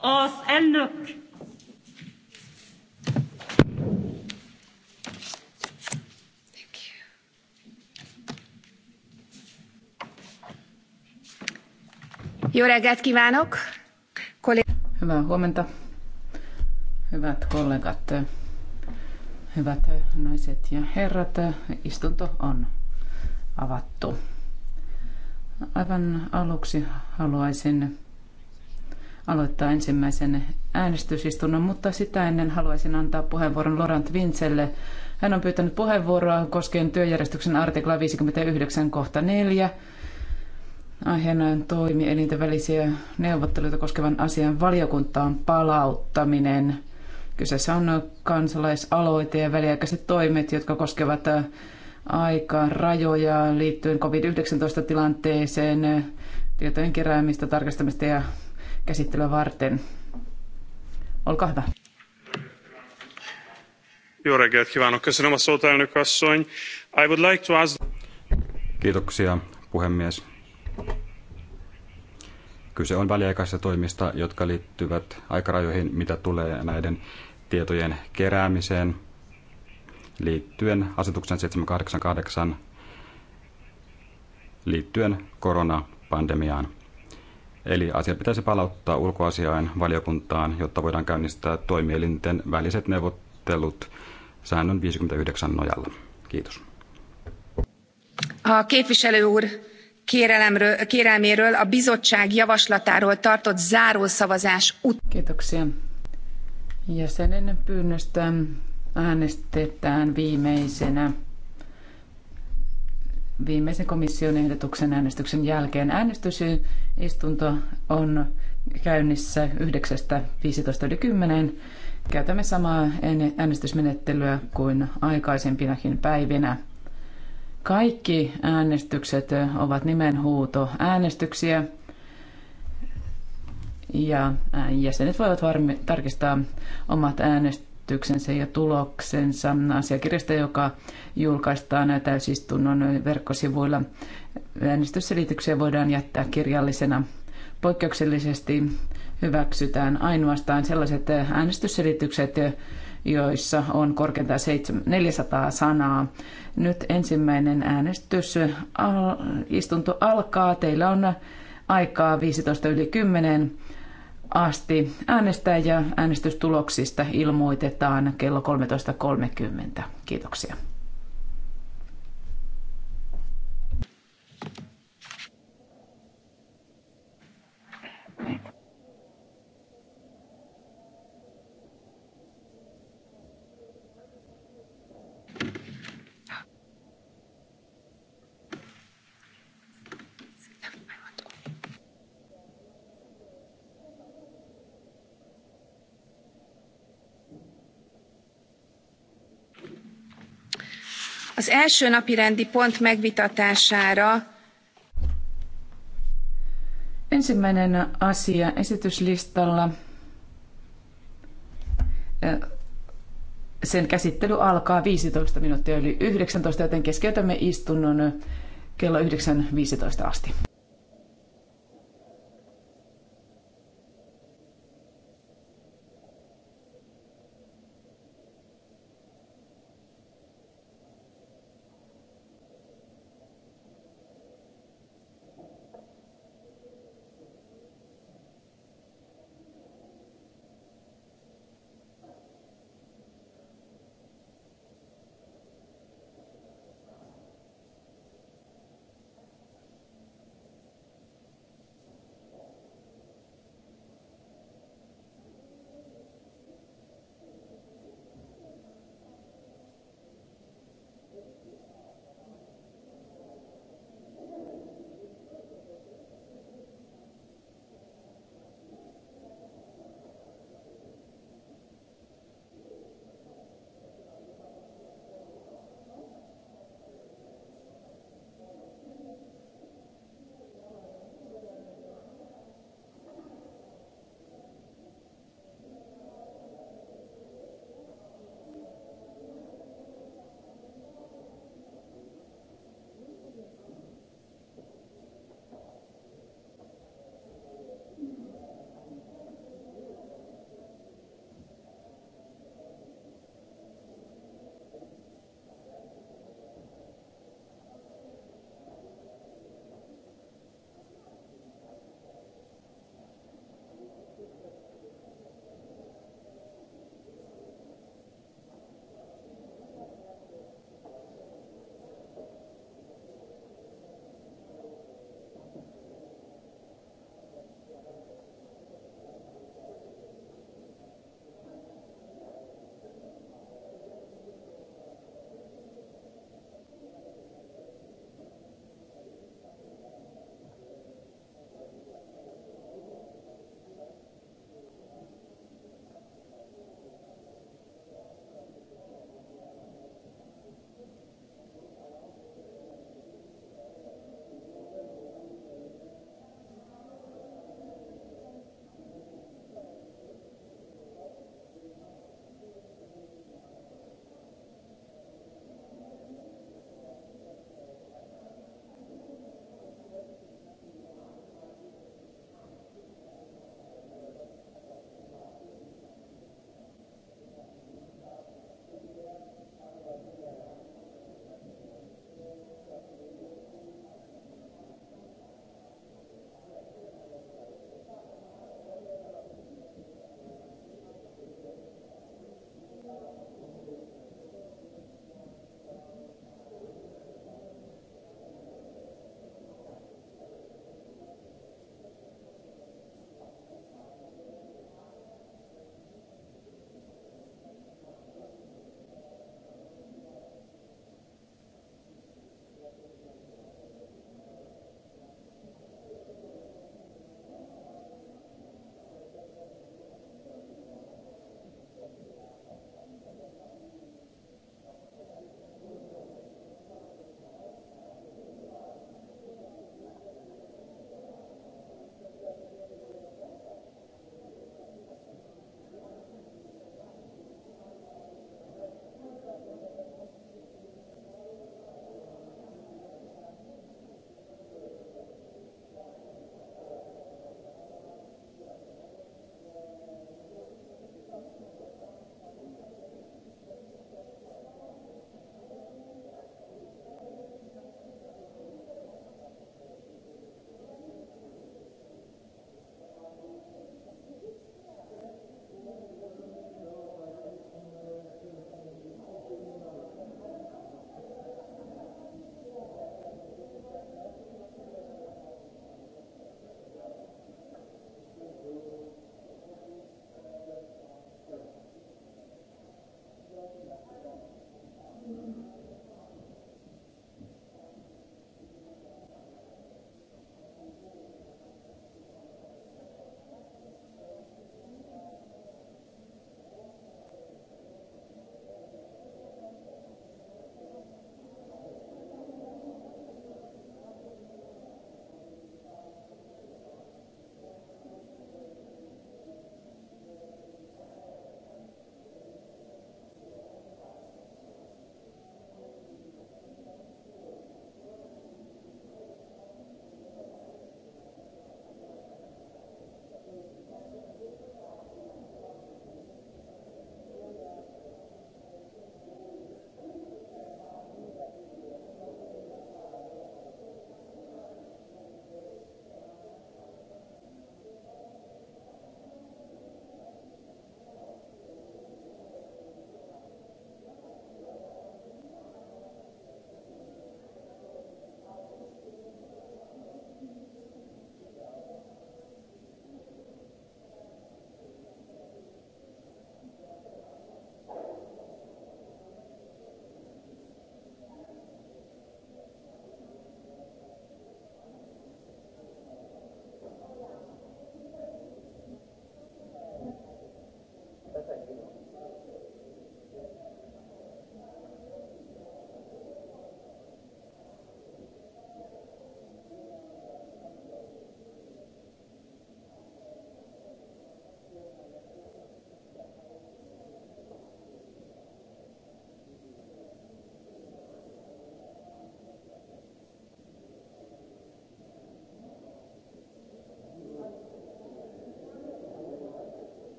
Az elnök Jó reggelt kívánok! Hyvää huomenta, hyvät kollegat, hyvät naiset ja herrat. Istunto on avattu. Aivan aluksi haluaisin aloittaa ensimmäisen äänestysistunnon, mutta sitä ennen haluaisin antaa puheenvuoron Laurent Vincelle. Hän on pyytänyt puheenvuoroa koskien työjärjestyksen artikla 59 kohta 4. Aiheena on toimielinten välisiä neuvotteluita koskevan asian valiokuntaan palauttaminen. Kyseessä on kansalaisaloite ja väliaikaiset toimet, jotka koskevat aikaa rajoja liittyen COVID-19-tilanteeseen, tietojen keräämistä, tarkastamista ja käsittelyä varten. Olkaa hyvä. Jó reggelt kívánok, köszönöm a szót, elnök asszony. I would like to ask... Kiitoksia, puhemies. Kyse on väliaikaisista toimista, jotka liittyvät aikarajoihin, mitä tulee näiden tietojen keräämiseen liittyen asetuksen 788 liittyen koronapandemiaan. Eli asia pitäisi palauttaa ulkoasiain valiokuntaan, jotta voidaan käynnistää toimielinten väliset neuvottelut säännön 59 nojalla. Kiitos. A képviselő úr kérelemről, kérelméről a bizottság javaslatáról tartott zárószavazás ut- Kiitoksia. Jäsenen pyynnöstä äänestetään viimeisenä viimeisen komission ehdotuksen äänestyksen jälkeen. Äänestysistunto on käynnissä 9.15.10. Käytämme samaa äänestysmenettelyä kuin aikaisempinakin päivinä. Kaikki äänestykset ovat nimenhuuto äänestyksiä ja jäsenet voivat varmi- tarkistaa omat äänestykset esityksensä ja tuloksensa asiakirjasta, joka julkaistaan täysistunnon verkkosivuilla. Äänestysselityksiä voidaan jättää kirjallisena. Poikkeuksellisesti hyväksytään ainoastaan sellaiset äänestysselitykset, joissa on korkeintaan 400 sanaa. Nyt ensimmäinen äänestys, istunto alkaa. Teillä on aikaa 15 yli 10 asti äänestää ja äänestystuloksista ilmoitetaan kello 13.30. Kiitoksia. Thank you. az első napirendi pont megvitatására Ensimmäinen asia esityslistalla. Sen käsittely alkaa 15 minuuttia yli 19, joten keskeytämme istunnon kello 9.15 asti.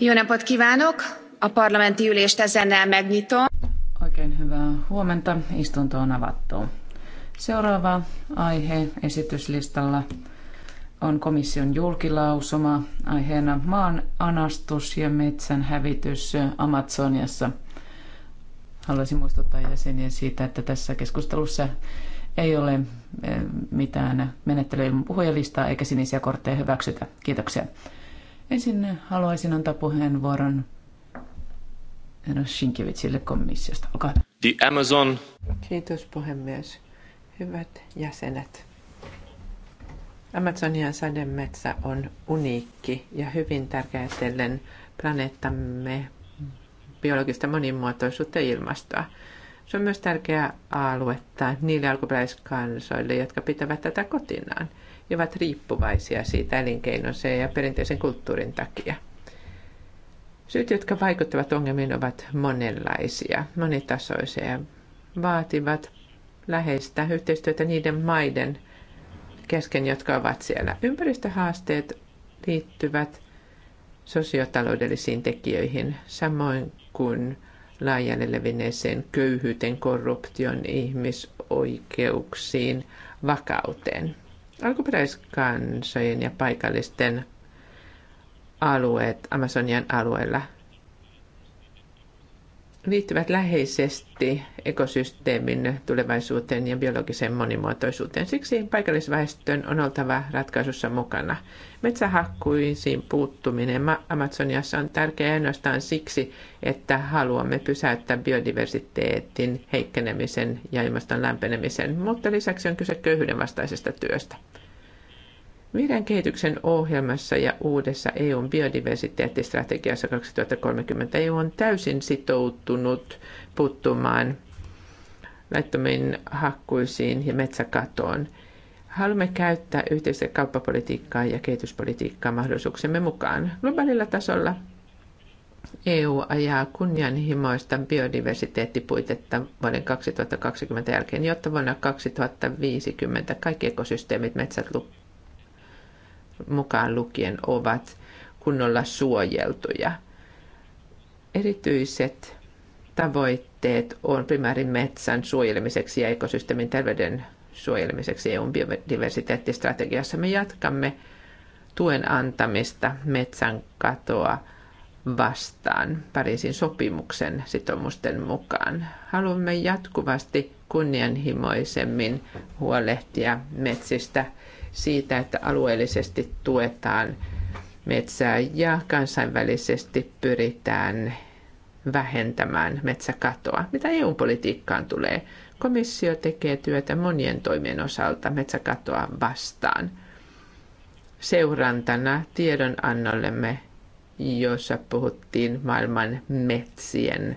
A Oikein hyvää huomenta. Istunto on avattu. Seuraava aihe esityslistalla on komission julkilausuma aiheena maan anastus ja metsän hävitys Amazoniassa. Haluaisin muistuttaa jäseniä siitä, että tässä keskustelussa ei ole eh, mitään menettelyä ilman puhujalistaa eikä sinisiä kortteja hyväksytä. Kiitoksia. Ensin haluaisin antaa puheenvuoron Shinkevitsille komissiosta. Olkaa The Amazon. Kiitos puhemies. Hyvät jäsenet. Amazonian sademetsä on uniikki ja hyvin tärkeä ajatellen planeettamme biologista monimuotoisuutta ja ilmastoa. Se on myös tärkeä aluetta niille alkuperäiskansoille, jotka pitävät tätä kotinaan – ja ovat riippuvaisia siitä elinkeinonsa ja perinteisen kulttuurin takia. Syyt, jotka vaikuttavat ongelmiin, ovat monenlaisia, monitasoisia ja vaativat läheistä yhteistyötä niiden maiden kesken, jotka ovat siellä. Ympäristöhaasteet liittyvät sosiotaloudellisiin tekijöihin, samoin kuin laajalle levinneeseen köyhyyteen, korruption, ihmisoikeuksiin, vakauteen alkuperäiskansojen ja paikallisten alueet Amazonian alueella liittyvät läheisesti ekosysteemin tulevaisuuteen ja biologiseen monimuotoisuuteen. Siksi paikallisväestön on oltava ratkaisussa mukana. Metsähakkuisiin puuttuminen Amazoniassa on tärkeää ainoastaan siksi, että haluamme pysäyttää biodiversiteetin heikkenemisen ja ilmaston lämpenemisen, mutta lisäksi on kyse köyhyyden vastaisesta työstä. Vihreän kehityksen ohjelmassa ja uudessa EUn biodiversiteettistrategiassa 2030 EU on täysin sitoutunut puuttumaan laittomiin hakkuisiin ja metsäkatoon. Haluamme käyttää yhteistä kauppapolitiikkaa ja kehityspolitiikkaa mahdollisuuksemme mukaan. Globaalilla tasolla EU ajaa kunnianhimoista biodiversiteettipuitetta vuoden 2020 jälkeen, jotta vuonna 2050 kaikki ekosysteemit, metsät, mukaan lukien ovat kunnolla suojeltuja. Erityiset tavoitteet on primäärin metsän suojelemiseksi ja ekosysteemin terveyden suojelemiseksi EUn biodiversiteettistrategiassa. Me jatkamme tuen antamista metsän katoa vastaan Pariisin sopimuksen sitoumusten mukaan. Haluamme jatkuvasti kunnianhimoisemmin huolehtia metsistä siitä, että alueellisesti tuetaan metsää ja kansainvälisesti pyritään vähentämään metsäkatoa. Mitä EU-politiikkaan tulee? Komissio tekee työtä monien toimien osalta metsäkatoa vastaan. Seurantana tiedonannollemme, jossa puhuttiin maailman metsien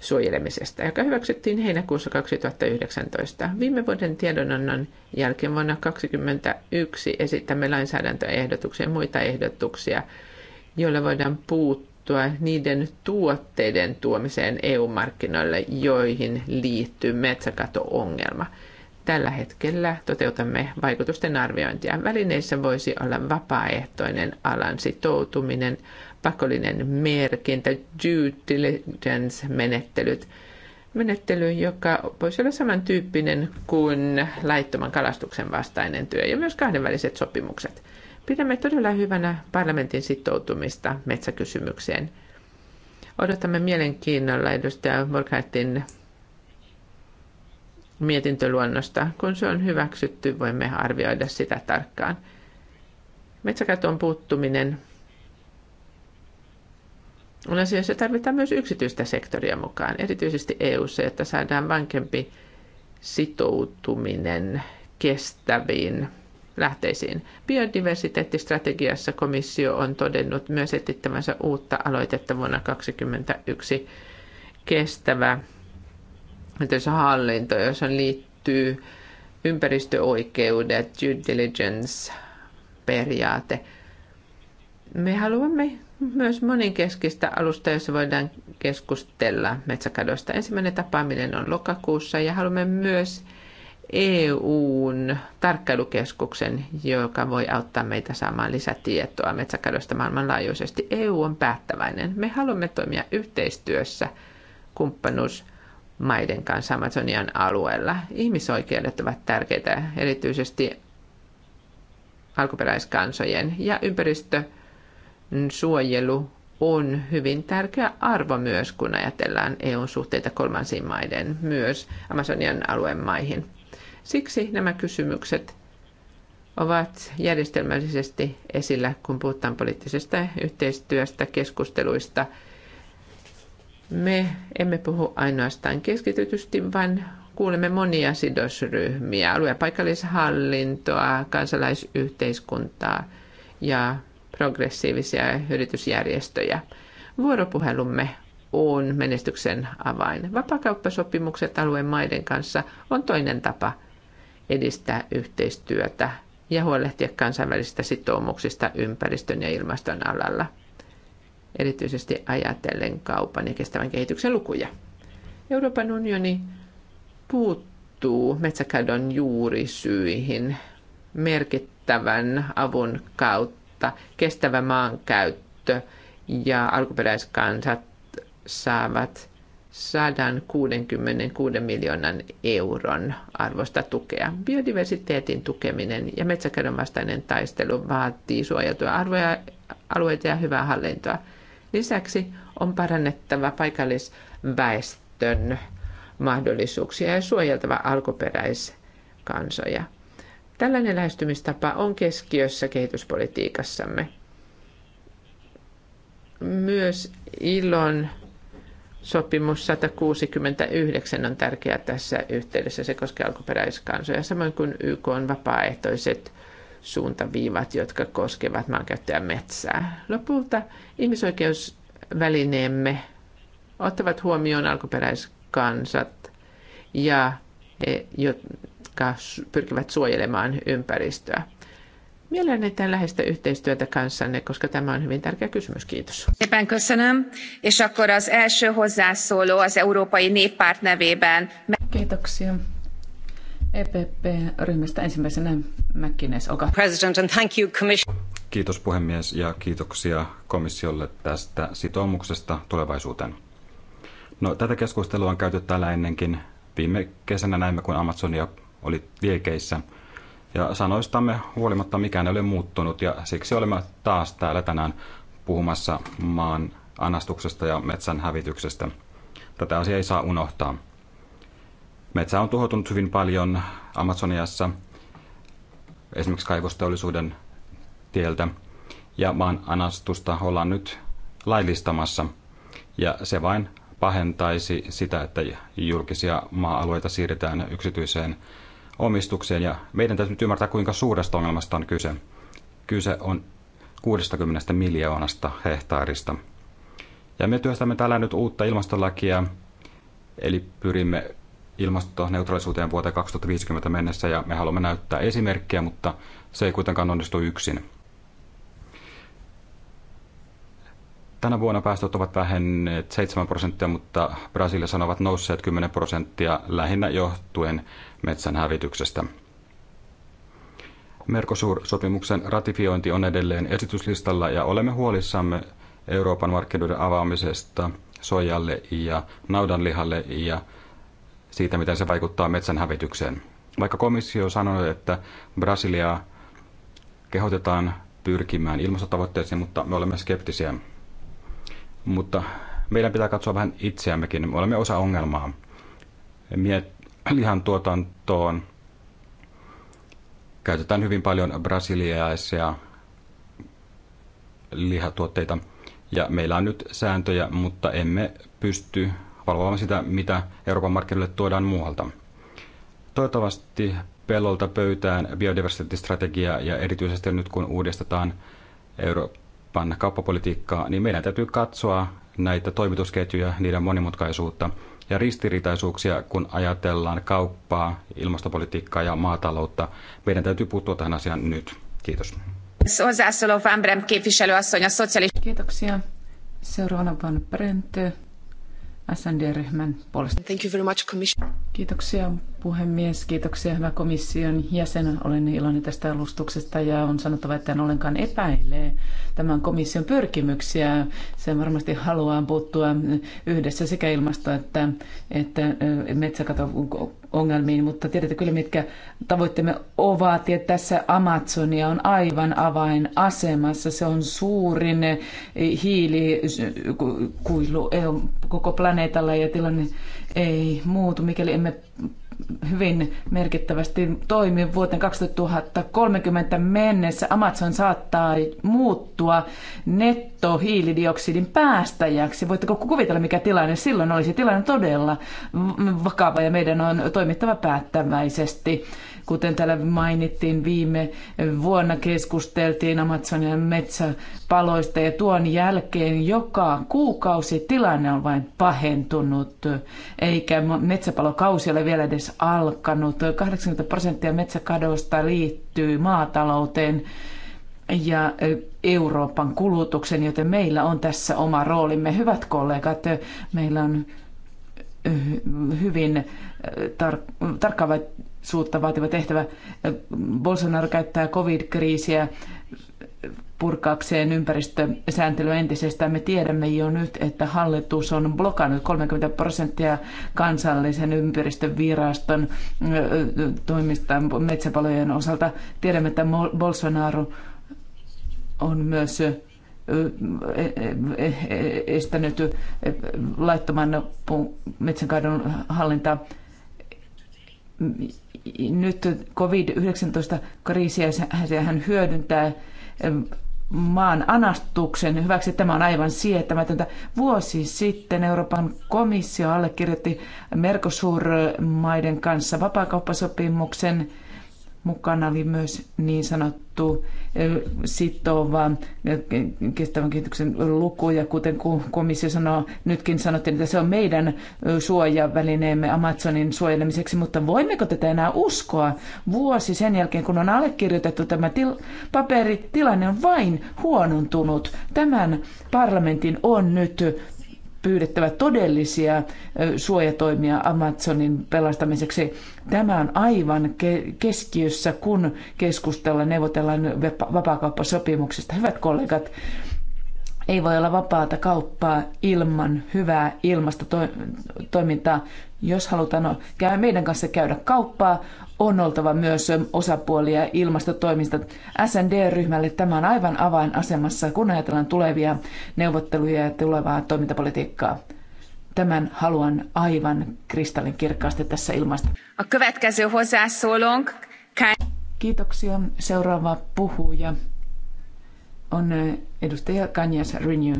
suojelemisesta, joka hyväksyttiin heinäkuussa 2019. Viime vuoden tiedonannon jälkeen vuonna 2021 esittämme lainsäädäntöehdotuksia ja muita ehdotuksia, joilla voidaan puuttua niiden tuotteiden tuomiseen EU-markkinoille, joihin liittyy metsäkato-ongelma. Tällä hetkellä toteutamme vaikutusten arviointia. Välineissä voisi olla vapaaehtoinen alan sitoutuminen, pakollinen merkintä, due diligence-menettelyt. Menettely, joka voisi olla samantyyppinen kuin laittoman kalastuksen vastainen työ ja myös kahdenväliset sopimukset. Pidämme todella hyvänä parlamentin sitoutumista metsäkysymykseen. Odotamme mielenkiinnolla edustaja Morgatin mietintöluonnosta. Kun se on hyväksytty, voimme arvioida sitä tarkkaan. Metsäkaton puuttuminen on asia, se tarvitaan myös yksityistä sektoria mukaan, erityisesti eu että saadaan vankempi sitoutuminen kestäviin lähteisiin. Biodiversiteettistrategiassa komissio on todennut myös etsittävänsä uutta aloitetta vuonna 2021 kestävä hallinto, jossa liittyy ympäristöoikeudet, due diligence, periaate. Me haluamme myös moninkeskistä alusta, jossa voidaan keskustella metsäkadosta. Ensimmäinen tapaaminen on lokakuussa ja haluamme myös EUn tarkkailukeskuksen, joka voi auttaa meitä saamaan lisätietoa metsäkadosta maailmanlaajuisesti. EU on päättäväinen. Me haluamme toimia yhteistyössä kumppanuusmaiden kanssa Amazonian alueella. Ihmisoikeudet ovat tärkeitä, erityisesti alkuperäiskansojen ja ympäristö- suojelu on hyvin tärkeä arvo myös, kun ajatellaan eu suhteita kolmansiin maiden, myös Amazonian alueen maihin. Siksi nämä kysymykset ovat järjestelmällisesti esillä, kun puhutaan poliittisesta yhteistyöstä, keskusteluista. Me emme puhu ainoastaan keskitytysti, vaan kuulemme monia sidosryhmiä, alue- ja paikallishallintoa, kansalaisyhteiskuntaa ja progressiivisia yritysjärjestöjä. Vuoropuhelumme on menestyksen avain. Vapakauppasopimukset alueen maiden kanssa on toinen tapa edistää yhteistyötä ja huolehtia kansainvälisistä sitoumuksista ympäristön ja ilmaston alalla, erityisesti ajatellen kaupan ja kestävän kehityksen lukuja. Euroopan unioni puuttuu metsäkadon juurisyihin merkittävän avun kautta kautta kestävä maankäyttö ja alkuperäiskansat saavat 166 miljoonan euron arvosta tukea. Biodiversiteetin tukeminen ja metsäkadon vastainen taistelu vaatii suojeltuja arvoja, alueita ja hyvää hallintoa. Lisäksi on parannettava paikallisväestön mahdollisuuksia ja suojeltava alkuperäiskansoja. Tällainen lähestymistapa on keskiössä kehityspolitiikassamme. Myös ilon sopimus 169 on tärkeä tässä yhteydessä. Se koskee alkuperäiskansoja, samoin kuin YK on vapaaehtoiset suuntaviivat, jotka koskevat maankäyttöä metsää. Lopulta ihmisoikeusvälineemme ottavat huomioon alkuperäiskansat ja he, jotka pyrkivät suojelemaan ympäristöä. Mielelläni tämän läheistä yhteistyötä kanssanne, koska tämä on hyvin tärkeä kysymys. Kiitos. Szépen köszönöm, és akkor az első hozzászóló az Európai Néppárt nevében. Kiitoksia. EPP-ryhmästä ensimmäisenä Mäkkines, olkaa. President, and thank you, commission. Kiitos puhemies ja kiitoksia komissiolle tästä sitoumuksesta tulevaisuuteen. No, tätä keskustelua on käyty täällä ennenkin. Viime kesänä näimme, kun Amazonia oli liekeissä. Ja sanoistamme huolimatta mikään ei ole muuttunut ja siksi olemme taas täällä tänään puhumassa maan anastuksesta ja metsän hävityksestä. Tätä asiaa ei saa unohtaa. Metsä on tuhoutunut hyvin paljon Amazoniassa, esimerkiksi kaivosteollisuuden tieltä, ja maan anastusta ollaan nyt laillistamassa, ja se vain pahentaisi sitä, että julkisia maa-alueita siirretään yksityiseen omistukseen ja meidän täytyy nyt ymmärtää, kuinka suuresta ongelmasta on kyse. Kyse on 60 miljoonasta hehtaarista. Ja me työstämme täällä nyt uutta ilmastolakia, eli pyrimme ilmastoneutraalisuuteen vuoteen 2050 mennessä ja me haluamme näyttää esimerkkejä, mutta se ei kuitenkaan onnistu yksin. Tänä vuonna päästöt ovat vähenneet 7 prosenttia, mutta Brasiliassa ovat nousseet 10 prosenttia lähinnä johtuen metsän hävityksestä. Mercosur-sopimuksen ratifiointi on edelleen esityslistalla ja olemme huolissamme Euroopan markkinoiden avaamisesta sojalle ja naudanlihalle ja siitä, miten se vaikuttaa metsän hävitykseen. Vaikka komissio sanoi, että Brasiliaa kehotetaan pyrkimään ilmastotavoitteisiin, mutta me olemme skeptisiä. Mutta meidän pitää katsoa vähän itseämmekin. Me olemme osa ongelmaa. Miet, lihan tuotantoon käytetään hyvin paljon brasiliaisia lihatuotteita. Ja meillä on nyt sääntöjä, mutta emme pysty valvomaan sitä, mitä Euroopan markkinoille tuodaan muualta. Toivottavasti pellolta pöytään biodiversiteettistrategia ja erityisesti nyt kun uudistetaan Euroopan panna kauppapolitiikkaa, niin meidän täytyy katsoa näitä toimitusketjuja, niiden monimutkaisuutta ja ristiriitaisuuksia, kun ajatellaan kauppaa, ilmastopolitiikkaa ja maataloutta. Meidän täytyy puuttua tähän asiaan nyt. Kiitos. Kiitoksia. Seuraavana on Brent, SND-ryhmän puolesta. Thank you very much, commission. Kiitoksia puhemies, kiitoksia hyvä komission jäsen. Olen iloinen tästä alustuksesta ja on sanottava, että en ollenkaan epäile tämän komission pyrkimyksiä. Se varmasti haluaa puuttua yhdessä sekä ilmasto- että, että metsäkato ongelmiin, mutta tiedätte kyllä, mitkä tavoitteemme ovat. Ja tässä Amazonia on aivan avainasemassa. Se on suurin hiilikuilu e koko planeetalla ja tilanne ei muutu, mikäli emme hyvin merkittävästi toimi vuoteen 2030 mennessä. Amazon saattaa muuttua nettohiilidioksidin päästäjäksi. Voitteko kuvitella, mikä tilanne silloin olisi? Tilanne todella vakava ja meidän on toimittava päättäväisesti. Kuten täällä mainittiin, viime vuonna keskusteltiin Amazonian metsäpaloista ja tuon jälkeen joka kuukausi tilanne on vain pahentunut, eikä metsäpalokausi ole vielä edes alkanut. 80 prosenttia metsäkadosta liittyy maatalouteen ja Euroopan kulutuksen, joten meillä on tässä oma roolimme. Hyvät kollegat, meillä on hyvin tar- suutta vaativa tehtävä. Bolsonaro käyttää covid-kriisiä purkaakseen ympäristösääntelyä entisestään. Me tiedämme jo nyt, että hallitus on blokannut 30 prosenttia kansallisen ympäristöviraston toimista metsäpalojen osalta. Tiedämme, että Bolsonaro on myös e, e, e, estänyt laittoman metsänkaidon hallintaa nyt COVID-19-kriisiä hän hyödyntää maan anastuksen hyväksi. Tämä on aivan sietämätöntä. Vuosi sitten Euroopan komissio allekirjoitti Mercosur-maiden kanssa vapaakauppasopimuksen, mukana oli myös niin sanottu sitova kestävän kehityksen lukuja, kuten komissio sanoo, nytkin sanottiin, että se on meidän suojavälineemme Amazonin suojelemiseksi, mutta voimmeko tätä enää uskoa? Vuosi sen jälkeen, kun on allekirjoitettu tämä til- paperi, tilanne on vain huonontunut. Tämän parlamentin on nyt pyydettävä todellisia suojatoimia Amazonin pelastamiseksi. Tämä on aivan keskiössä, kun keskustellaan, neuvotellaan vapaakauppasopimuksesta. Hyvät kollegat, ei voi olla vapaata kauppaa ilman hyvää ilmastotoimintaa. Jos halutaan käydä meidän kanssa käydä kauppaa, on oltava myös osapuolia ilmastotoimista. SND-ryhmälle tämä on aivan avainasemassa, kun ajatellaan tulevia neuvotteluja ja tulevaa toimintapolitiikkaa. Tämän haluan aivan kristallin kirkkaasti tässä ilmasta. Kiitoksia. Seuraava puhuja on edustaja Kanjas Renew.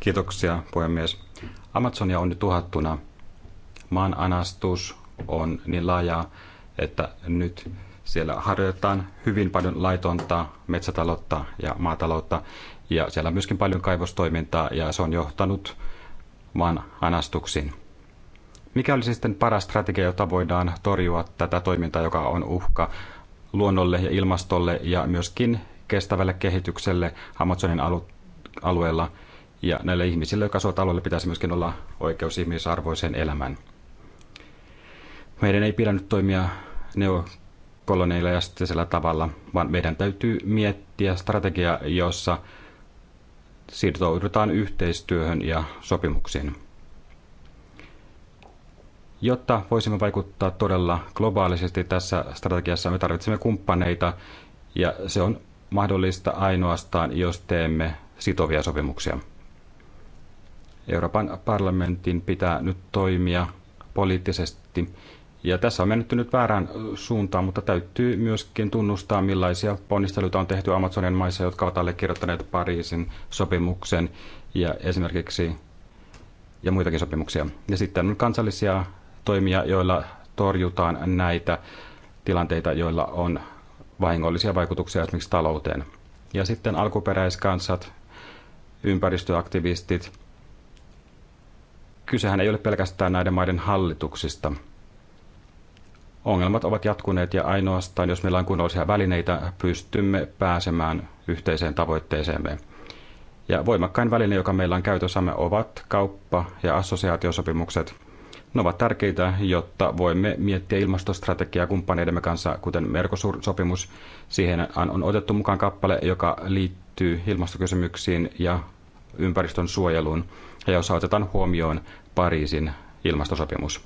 Kiitoksia, puhemies. Amazonia on nyt uhattuna. Maan anastus on niin laajaa, että nyt siellä harjoitetaan hyvin paljon laitonta metsätaloutta ja maataloutta. Ja siellä on myöskin paljon kaivostoimintaa ja se on johtanut maan anastuksiin. Mikä olisi sitten paras strategia, jota voidaan torjua tätä toimintaa, joka on uhka luonnolle ja ilmastolle ja myöskin kestävälle kehitykselle Amazonin alueella. Ja näille ihmisille, jotka asuvat alueella, pitäisi myöskin olla oikeus ihmisarvoiseen elämään. Meidän ei pidä nyt toimia neokolonialistisella tavalla, vaan meidän täytyy miettiä strategiaa, jossa siirtoudutaan yhteistyöhön ja sopimuksiin. Jotta voisimme vaikuttaa todella globaalisesti tässä strategiassa, me tarvitsemme kumppaneita ja se on mahdollista ainoastaan, jos teemme sitovia sopimuksia. Euroopan parlamentin pitää nyt toimia poliittisesti. Ja tässä on mennyt nyt väärään suuntaan, mutta täytyy myöskin tunnustaa, millaisia ponnisteluita on tehty Amazonin maissa, jotka ovat allekirjoittaneet Pariisin sopimuksen ja esimerkiksi ja muitakin sopimuksia. Ja sitten on kansallisia toimia, joilla torjutaan näitä tilanteita, joilla on vahingollisia vaikutuksia esimerkiksi talouteen. Ja sitten alkuperäiskansat, ympäristöaktivistit. Kysehän ei ole pelkästään näiden maiden hallituksista. Ongelmat ovat jatkuneet ja ainoastaan, jos meillä on kunnollisia välineitä, pystymme pääsemään yhteiseen tavoitteeseemme. Ja voimakkain väline, joka meillä on käytössämme, ovat kauppa- ja assosiaatiosopimukset – ne ovat tärkeitä, jotta voimme miettiä ilmastostrategiaa kumppaneidemme kanssa, kuten Mercosur-sopimus. Siihen on otettu mukaan kappale, joka liittyy ilmastokysymyksiin ja ympäristön suojeluun, ja jossa otetaan huomioon Pariisin ilmastosopimus.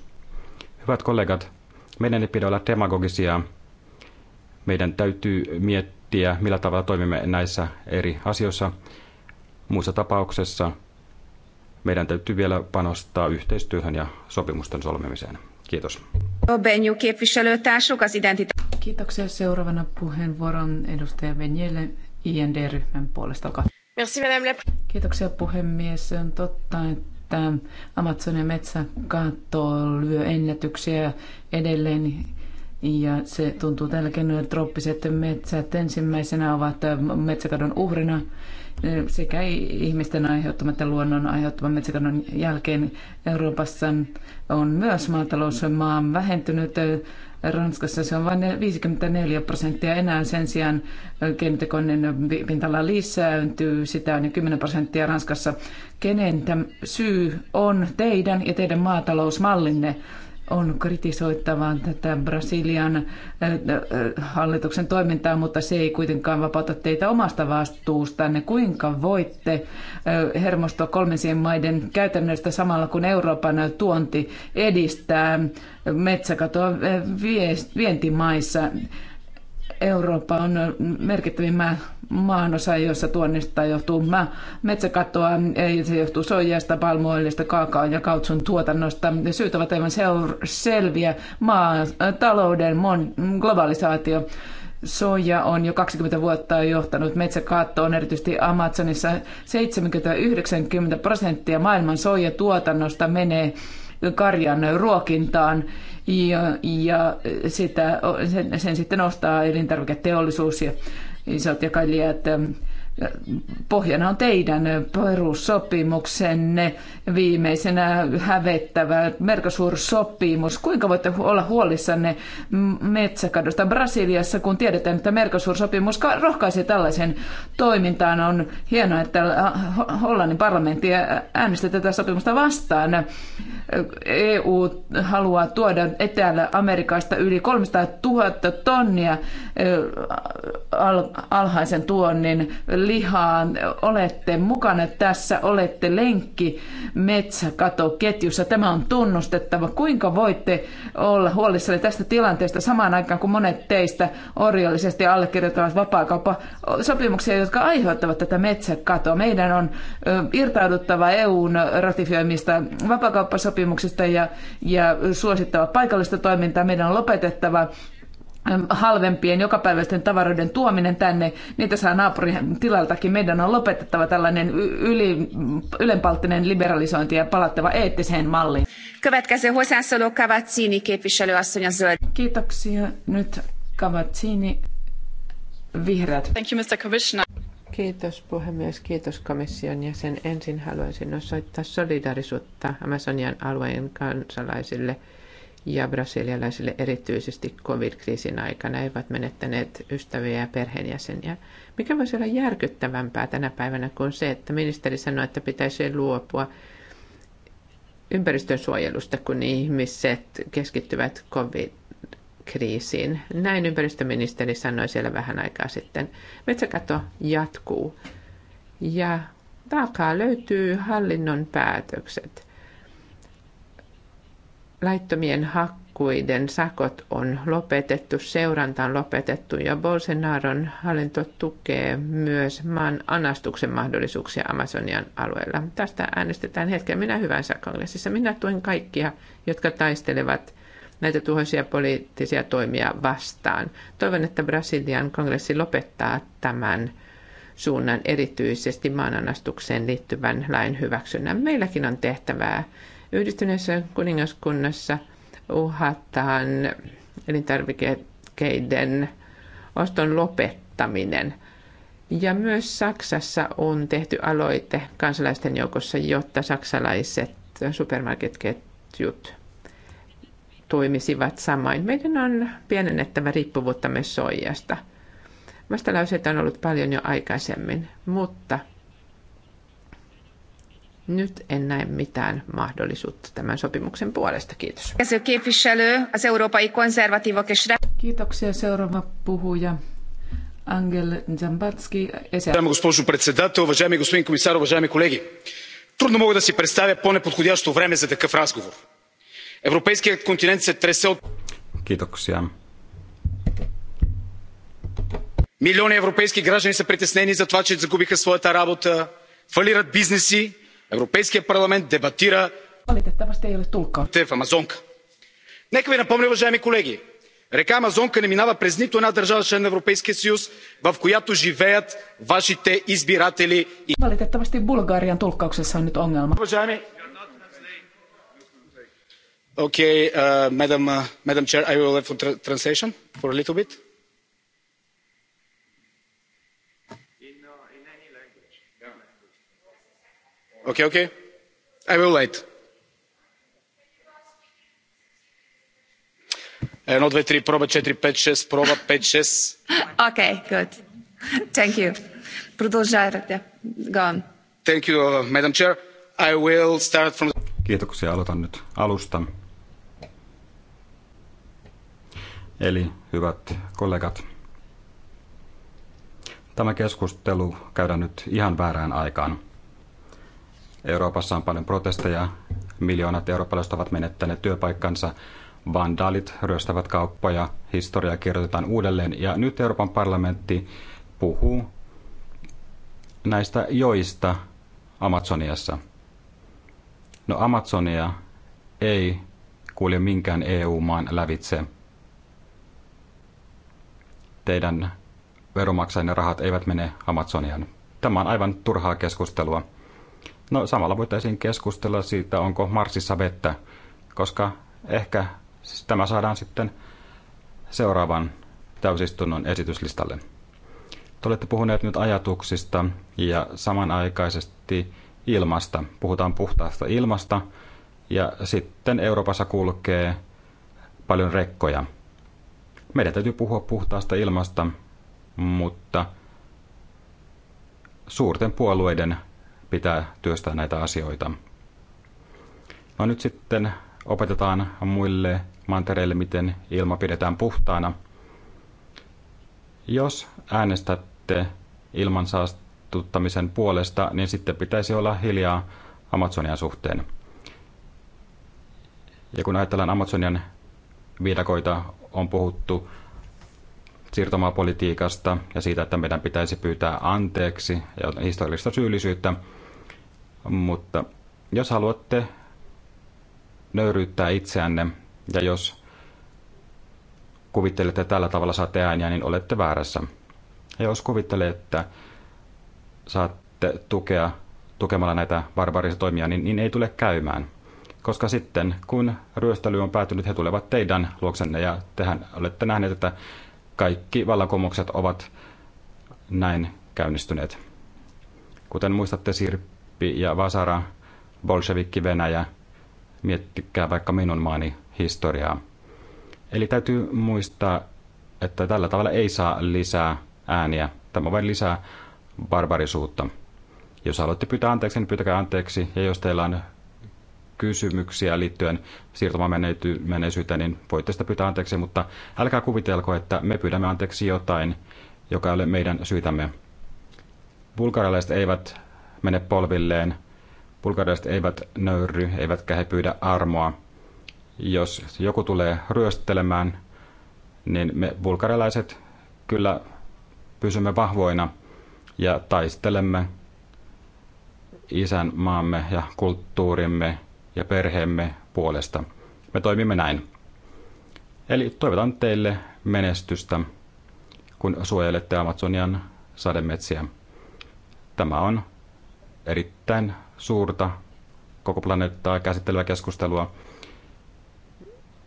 Hyvät kollegat, meidän ei pidä olla demagogisia. Meidän täytyy miettiä, millä tavalla toimimme näissä eri asioissa. Muussa tapauksessa – meidän täytyy vielä panostaa yhteistyöhön ja sopimusten solmimiseen. Kiitos. Kiitoksia. Seuraavana puheenvuoron edustaja Venjelle IND-ryhmän puolesta. Kiitoksia puhemies. On totta, että Amazonin metsäkaatto lyö ennätyksiä edelleen ja se tuntuu tälläkin, että trooppiset metsät ensimmäisenä ovat metsäkadon uhrina sekä ihmisten aiheuttamat ja luonnon aiheuttaman metsäkadon jälkeen Euroopassa on myös maatalousmaa vähentynyt. Ranskassa se on vain 54 prosenttia enää. Sen sijaan keinotekoinen pintala lisääntyy, sitä on jo 10 prosenttia Ranskassa. Kenen syy on teidän ja teidän maatalousmallinne? on kritisoittava tätä Brasilian äh, äh, hallituksen toimintaa, mutta se ei kuitenkaan vapauta teitä omasta vastuustanne. Kuinka voitte äh, hermostua kolmensien maiden käytännöstä samalla kun Euroopan tuonti edistää metsäkatoa vientimaissa? Eurooppa on merkittävimmä maanosa, jossa tuonnista johtuu metsäkatoa, ei, se johtuu soijasta, palmuöljystä, kaakaon ja kautsun tuotannosta. Ne syyt ovat aivan seur- selviä. Maan talouden mon- globalisaatio. Soja on jo 20 vuotta johtanut metsäkattoon, erityisesti Amazonissa 70-90 prosenttia maailman soijatuotannosta menee karjan ruokintaan ja, ja sitä, sen, sen sitten ostaa elintarviketeollisuus ja isot jakailijat. Että pohjana on teidän perussopimuksenne, viimeisenä hävettävä Mercosur-sopimus. Kuinka voitte olla huolissanne metsäkadosta Brasiliassa, kun tiedetään, että Mercosur-sopimus rohkaisi tällaisen toimintaan? On hienoa, että Hollannin parlamentti äänesti tätä sopimusta vastaan. EU haluaa tuoda Etelä-Amerikasta yli 300 000 tonnia alhaisen tuonnin lihaan. Olette mukana tässä, olette lenkki metsäkatoketjussa. Tämä on tunnustettava. Kuinka voitte olla huolissanne tästä tilanteesta samaan aikaan, kun monet teistä orjallisesti allekirjoittavat vapaakauppasopimuksia, jotka aiheuttavat tätä metsäkatoa? Meidän on irtauduttava EUn ratifioimista vapaakauppasopimuksista ja, ja suosittava paikallista toimintaa. Meidän on lopetettava halvempien jokapäiväisten tavaroiden tuominen tänne, niitä saa naapurin tilaltakin. Meidän on lopetettava tällainen yli, ylenpalttinen liberalisointi ja palattava eettiseen malliin. Kiitoksia. Nyt Kavatsini, vihreät. Thank you, Mr. Commissioner. Kiitos puhemies, kiitos komission jäsen. Ensin haluaisin osoittaa solidarisuutta Amazonian alueen kansalaisille – ja brasilialaisille erityisesti covid-kriisin aikana eivät menettäneet ystäviä ja perheenjäseniä. Mikä voisi olla järkyttävämpää tänä päivänä kuin se, että ministeri sanoi, että pitäisi luopua ympäristönsuojelusta, kun ihmiset keskittyvät covid-kriisiin. Näin ympäristöministeri sanoi siellä vähän aikaa sitten. Metsäkato jatkuu ja taakaa löytyy hallinnon päätökset laittomien hakkuiden sakot on lopetettu, seuranta on lopetettu ja Bolsonaron hallinto tukee myös maan anastuksen mahdollisuuksia Amazonian alueella. Tästä äänestetään hetken minä hyvänsä kongressissa. Minä tuen kaikkia, jotka taistelevat näitä tuhoisia poliittisia toimia vastaan. Toivon, että Brasilian kongressi lopettaa tämän suunnan erityisesti maananastukseen liittyvän lain hyväksynnän. Meilläkin on tehtävää Yhdistyneessä kuningaskunnassa uhataan elintarvikkeiden oston lopettaminen. Ja myös Saksassa on tehty aloite kansalaisten joukossa, jotta saksalaiset supermarketketjut toimisivat samoin. Meidän on pienennettävä riippuvuuttamme soijasta. Vastalauseita on ollut paljon jo aikaisemmin, mutta – nyt en näe mitään mahdollisuutta tämän sopimuksen puolesta. Kiitos. Kiitoksia seuraava puhuja. Ангел Дзамбатски е сега. Уважаема госпожо председател, уважаеми господин комисар, уважаеми колеги! Трудно мога да си представя по-неподходящо време за такъв разговор. Европейският континент се тресе от... Kiitoksia. Милиони европейски граждани са притеснени за това, че загубиха своята работа, фалират бизнеси Европейския парламент дебатира... Valitettavasti ei ...в Амазонка. Нека ви напомня, уважаеми колеги, река Амазонка не минава през нито една държава член на Европейския съюз, в която живеят вашите избиратели. Valitettavasti Bulgarian tulkkauksessa on nyt ongelma. Уважаеми... Okay, uh, madam, uh, madam chair, I will have translation for a little bit. okay okay i will wait jedno dve tri proba četiri pet šest proba pet šest okay good thank you продолжайте go on thank you uh, madam chair i will start from Kiitoksia, aloitan nyt alusta. Eli hyvät kollegat, tämä keskustelu käydään nyt ihan väärään aikaan. Euroopassa on paljon protesteja, miljoonat eurooppalaiset ovat menettäneet työpaikkansa, vandaalit ryöstävät kauppoja, historia kirjoitetaan uudelleen ja nyt Euroopan parlamentti puhuu näistä joista Amazoniassa. No Amazonia ei kulje minkään EU-maan lävitse. Teidän veromaksajien rahat eivät mene Amazonian. Tämä on aivan turhaa keskustelua. No samalla voitaisiin keskustella siitä, onko Marsissa vettä, koska ehkä siis tämä saadaan sitten seuraavan täysistunnon esityslistalle. Te olette puhuneet nyt ajatuksista ja samanaikaisesti ilmasta. Puhutaan puhtaasta ilmasta ja sitten Euroopassa kulkee paljon rekkoja. Meidän täytyy puhua puhtaasta ilmasta, mutta suurten puolueiden pitää työstää näitä asioita. No nyt sitten opetetaan muille mantereille, miten ilma pidetään puhtaana. Jos äänestätte ilman saastuttamisen puolesta, niin sitten pitäisi olla hiljaa Amazonian suhteen. Ja kun ajatellaan Amazonian viidakoita, on puhuttu siirtomaapolitiikasta ja siitä, että meidän pitäisi pyytää anteeksi ja historiallista syyllisyyttä, mutta jos haluatte nöyryyttää itseänne ja jos kuvittelette että tällä tavalla saatte ääniä, niin olette väärässä. Ja jos kuvittelette, että saatte tukea tukemalla näitä barbaarisia toimia, niin, niin ei tule käymään. Koska sitten, kun ryöstely on päätynyt, he tulevat teidän luoksenne ja tehän olette nähneet, että kaikki vallankumoukset ovat näin käynnistyneet. Kuten muistatte, Sir Tsippi ja Vasara, bolshevikki Venäjä, miettikää vaikka minun maani historiaa. Eli täytyy muistaa, että tällä tavalla ei saa lisää ääniä. Tämä vain lisää barbarisuutta. Jos haluatte pyytää anteeksi, niin pyytäkää anteeksi. Ja jos teillä on kysymyksiä liittyen siirtomamenneisyyteen, niin voitte sitä pyytää anteeksi, mutta älkää kuvitelko, että me pyydämme anteeksi jotain, joka ei ole meidän syytämme. Bulgarialaiset eivät mene polvilleen. Bulgarialaiset eivät nöyry, eivätkä he pyydä armoa. Jos joku tulee ryöstelemään, niin me bulgarialaiset kyllä pysymme vahvoina ja taistelemme isän maamme ja kulttuurimme ja perheemme puolesta. Me toimimme näin. Eli toivotan teille menestystä, kun suojelette Amazonian sademetsiä. Tämä on erittäin suurta koko planeettaa käsittelevää keskustelua.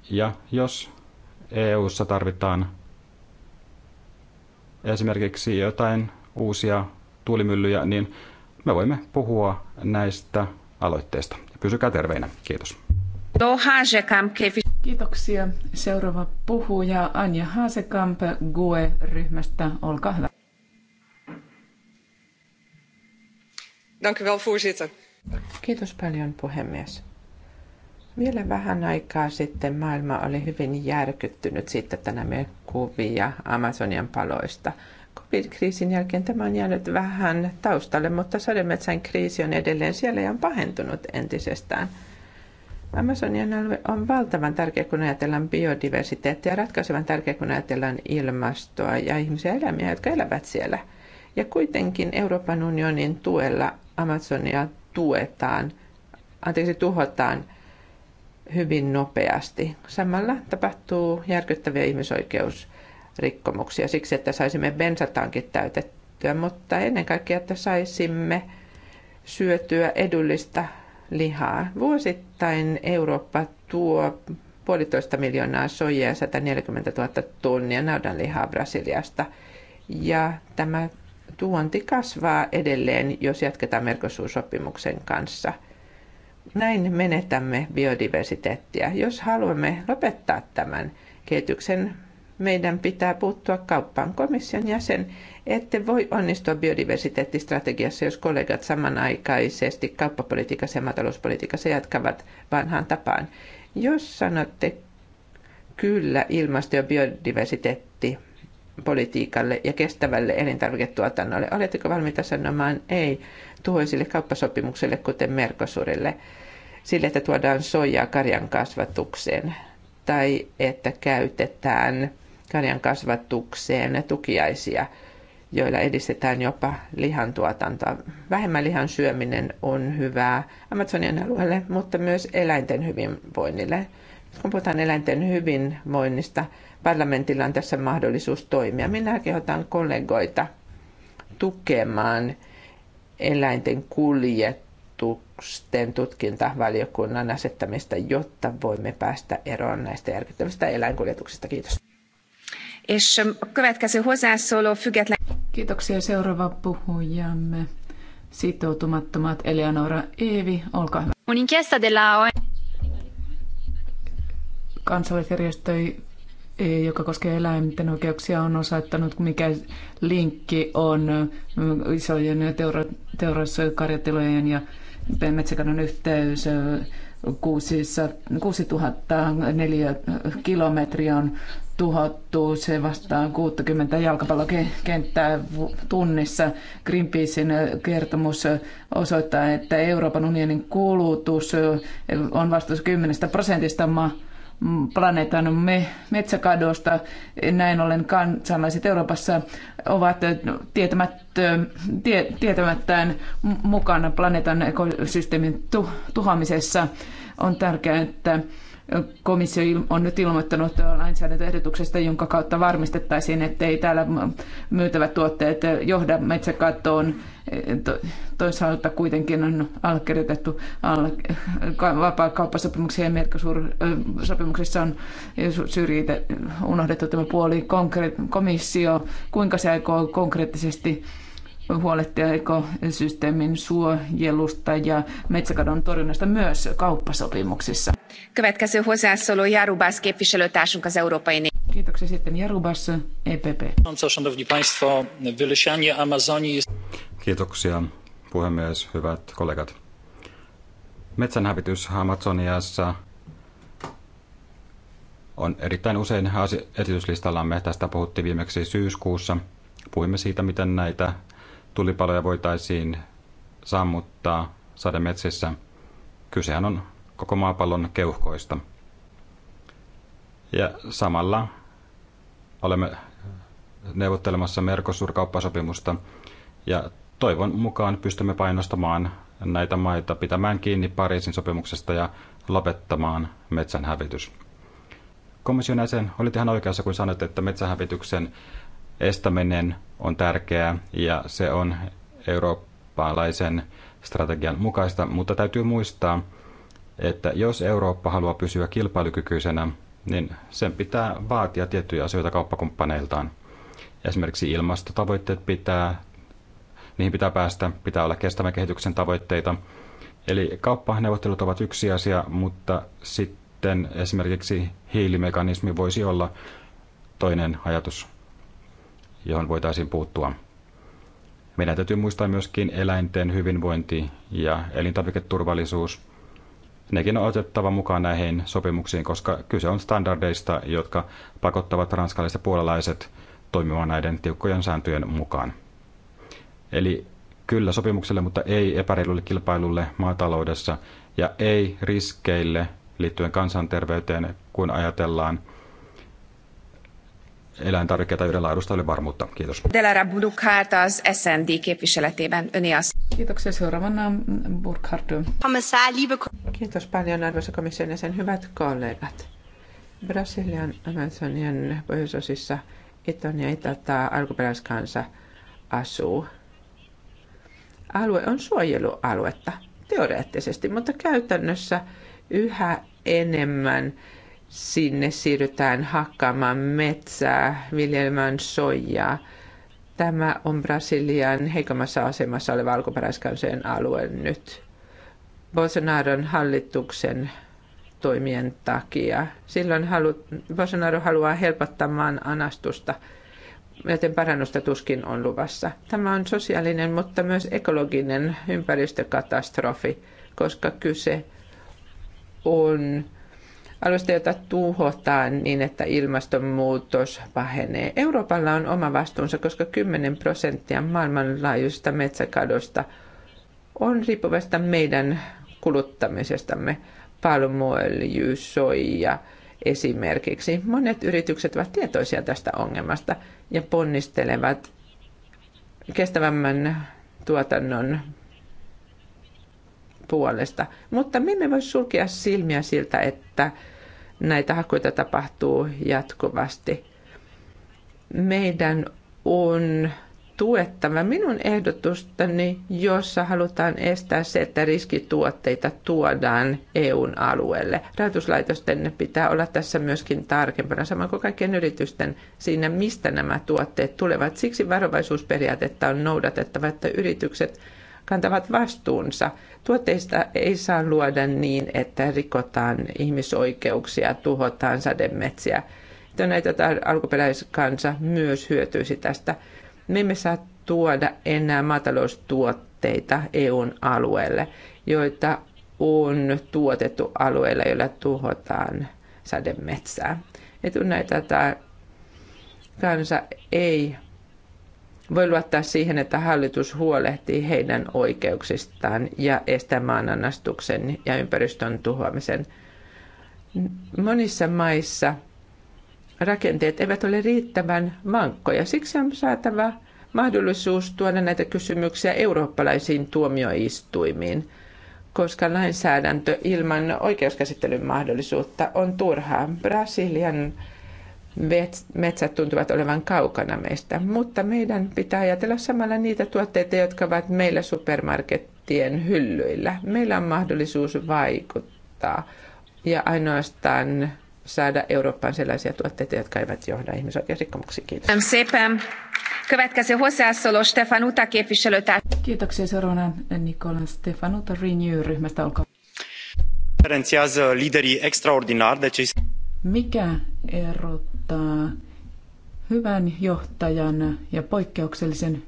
Ja jos EU:ssa tarvitaan esimerkiksi jotain uusia tuulimyllyjä, niin me voimme puhua näistä aloitteista. Pysykää terveinä. Kiitos. Kiitoksia. Seuraava puhuja Anja Haasekamp GUE-ryhmästä. Olkaa hyvä. Dank u wel, voorzitter. Kiitos paljon, puhemies. Vielä vähän aikaa sitten maailma oli hyvin järkyttynyt siitä, että näemme kuvia Amazonian paloista. Covid-kriisin jälkeen tämä on jäänyt vähän taustalle, mutta sademetsän kriisi on edelleen siellä ja on pahentunut entisestään. Amazonian alue on valtavan tärkeä, kun ajatellaan biodiversiteettiä, ratkaisevan tärkeä, kun ajatellaan ilmastoa ja ihmisiä eläimiä, jotka elävät siellä. Ja kuitenkin Euroopan unionin tuella Amazonia tuetaan, anteeksi, tuhotaan hyvin nopeasti. Samalla tapahtuu järkyttäviä ihmisoikeusrikkomuksia siksi, että saisimme bensatankit täytettyä, mutta ennen kaikkea, että saisimme syötyä edullista lihaa. Vuosittain Eurooppa tuo puolitoista miljoonaa soijaa ja 140 000 tonnia naudanlihaa Brasiliasta. Ja tämä tuonti kasvaa edelleen, jos jatketaan Merkosuusopimuksen kanssa. Näin menetämme biodiversiteettiä. Jos haluamme lopettaa tämän kehityksen, meidän pitää puuttua kauppaan. Komission jäsen, ette voi onnistua biodiversiteettistrategiassa, jos kollegat samanaikaisesti kauppapolitiikassa ja maatalouspolitiikassa jatkavat vanhaan tapaan. Jos sanotte kyllä ilmasto- ja biodiversiteetti politiikalle ja kestävälle elintarviketuotannolle? Oletteko valmiita sanomaan ei tuhoisille kauppasopimukselle, kuten Mercosurille, sille, että tuodaan soijaa karjan kasvatukseen tai että käytetään karjan kasvatukseen tukiaisia, joilla edistetään jopa lihantuotantoa. Vähemmän lihan syöminen on hyvää Amazonian alueelle, mutta myös eläinten hyvinvoinnille. Kun puhutaan eläinten hyvinvoinnista, parlamentilla on tässä mahdollisuus toimia. Minä kehotan kollegoita tukemaan eläinten kuljetusten tutkintavaliokunnan asettamista, jotta voimme päästä eroon näistä järkyttävistä eläinkuljetuksista. Kiitos. Kiitoksia seuraava puhujamme. Sitoutumattomat Eleonora Eevi, olkaa hyvä. Un'inchiesta della ONG. Kansalaisjärjestö E, joka koskee eläinten oikeuksia, on osoittanut, mikä linkki on mm, isojen teuraskarjatilojen ja metsäkadon yhteys. 6004 kilometriä on tuhottu. Se vastaa 60 jalkapallokenttää tunnissa. Greenpeacein kertomus osoittaa, että Euroopan unionin kulutus on vastaus 10 prosentista maa planeetan me, metsäkadosta. Näin ollen kansalaiset Euroopassa ovat tietämättä, tie, tietämättään mukana planeetan ekosysteemin tuhoamisessa. On tärkeää, että komissio on nyt ilmoittanut lainsäädäntöehdotuksesta, jonka kautta varmistettaisiin, ettei täällä myytävät tuotteet johda metsäkatoon. Toisaalta kuitenkin on allekirjoitettu vapaakauppasopimuksia ja Mercosur-sopimuksessa on syrjitä unohdettu tämä puoli komissio. Kuinka se aikoo konkreettisesti huolehtia ekosysteemin suojelusta ja metsäkadon torjunnasta myös kauppasopimuksissa. Kiitoksia sitten Jarubas, EPP. No Kiitoksia puhemies, hyvät kollegat. Metsänhävitys Amazoniassa on erittäin usein esityslistallamme. Tästä puhuttiin viimeksi syyskuussa. Puhuimme siitä, miten näitä tulipaloja voitaisiin sammuttaa sademetsissä. Kysehän on koko maapallon keuhkoista. Ja samalla olemme neuvottelemassa Mercosur-kauppasopimusta ja toivon mukaan pystymme painostamaan näitä maita pitämään kiinni Pariisin sopimuksesta ja lopettamaan metsän hävitys. Komission jäsen, olit ihan oikeassa, kun sanoit, että metsähävityksen estäminen on tärkeää ja se on eurooppalaisen strategian mukaista, mutta täytyy muistaa, että jos Eurooppa haluaa pysyä kilpailukykyisenä, niin sen pitää vaatia tiettyjä asioita kauppakumppaneiltaan. Esimerkiksi ilmastotavoitteet pitää, niihin pitää päästä, pitää olla kestävän kehityksen tavoitteita. Eli kauppaneuvottelut ovat yksi asia, mutta sitten esimerkiksi hiilimekanismi voisi olla toinen ajatus johon voitaisiin puuttua. Meidän täytyy muistaa myöskin eläinten hyvinvointi ja elintarviketurvallisuus. Nekin on otettava mukaan näihin sopimuksiin, koska kyse on standardeista, jotka pakottavat ranskalaiset ja puolalaiset toimimaan näiden tiukkojen sääntöjen mukaan. Eli kyllä sopimukselle, mutta ei epäreilulle kilpailulle maataloudessa ja ei riskeille liittyen kansanterveyteen, kun ajatellaan – eläintarvikkeita yhdellä laadusta oli varmuutta. Kiitos. Delara Burkhardt az SND képviseletében. Öné az. Kiitoksia seuraavana Burkhardt. Kiitos paljon arvoisa komission jäsen. hyvät kollegat. Brasilian Amazonian pohjoisosissa Eton ja Itata alkuperäiskansa asuu. Alue on suojelualuetta teoreettisesti, mutta käytännössä yhä enemmän – sinne siirrytään hakkaamaan metsää, viljelmään soijaa. Tämä on Brasilian heikommassa asemassa oleva alkuperäiskansojen alue nyt. Bolsonaron hallituksen toimien takia. Silloin halu, Bolsonaro haluaa helpottaa maan anastusta, joten parannusta tuskin on luvassa. Tämä on sosiaalinen, mutta myös ekologinen ympäristökatastrofi, koska kyse on alusta, jota tuhotaan niin, että ilmastonmuutos pahenee. Euroopalla on oma vastuunsa, koska 10 prosenttia maailmanlaajuisesta metsäkadosta on riippuvasta meidän kuluttamisestamme. Palmuöljy, soija esimerkiksi. Monet yritykset ovat tietoisia tästä ongelmasta ja ponnistelevat kestävämmän tuotannon puolesta. Mutta me emme voi sulkea silmiä siltä, että näitä hakuita tapahtuu jatkuvasti. Meidän on tuettava minun ehdotustani, jossa halutaan estää se, että riskituotteita tuodaan EUn alueelle. Rahoituslaitosten pitää olla tässä myöskin tarkempana, samoin kuin kaikkien yritysten siinä, mistä nämä tuotteet tulevat. Siksi varovaisuusperiaatetta on noudatettava, että yritykset kantavat vastuunsa. Tuotteista ei saa luoda niin, että rikotaan ihmisoikeuksia, tuhotaan sademetsiä. Näitä alkuperäiskansa myös hyötyisi tästä. Me emme saa tuoda enää maataloustuotteita EUn alueelle, joita on tuotettu alueella, joilla tuhotaan sademetsää. Että tämä kansa ei voi luottaa siihen, että hallitus huolehtii heidän oikeuksistaan ja estää maanannastuksen ja ympäristön tuhoamisen. Monissa maissa rakenteet eivät ole riittävän vankkoja. Siksi on saatava mahdollisuus tuoda näitä kysymyksiä eurooppalaisiin tuomioistuimiin, koska lainsäädäntö ilman oikeuskäsittelyn mahdollisuutta on turhaa. Brasilian metsät tuntuvat olevan kaukana meistä, mutta meidän pitää ajatella samalla niitä tuotteita, jotka ovat meillä supermarkettien hyllyillä. Meillä on mahdollisuus vaikuttaa ja ainoastaan saada Eurooppaan sellaisia tuotteita, jotka eivät johda ihmisoikeusrikkomuksiin. Kiitos. Következő hozzászóló Stefan Uta képviselőtárs. Kiitoksia seuraavana Nikola Stefan Uta Renew-ryhmästä. Olkaa. Diferențiază liderii extraordinari, deci mikä erottaa hyvän johtajan ja poikkeuksellisen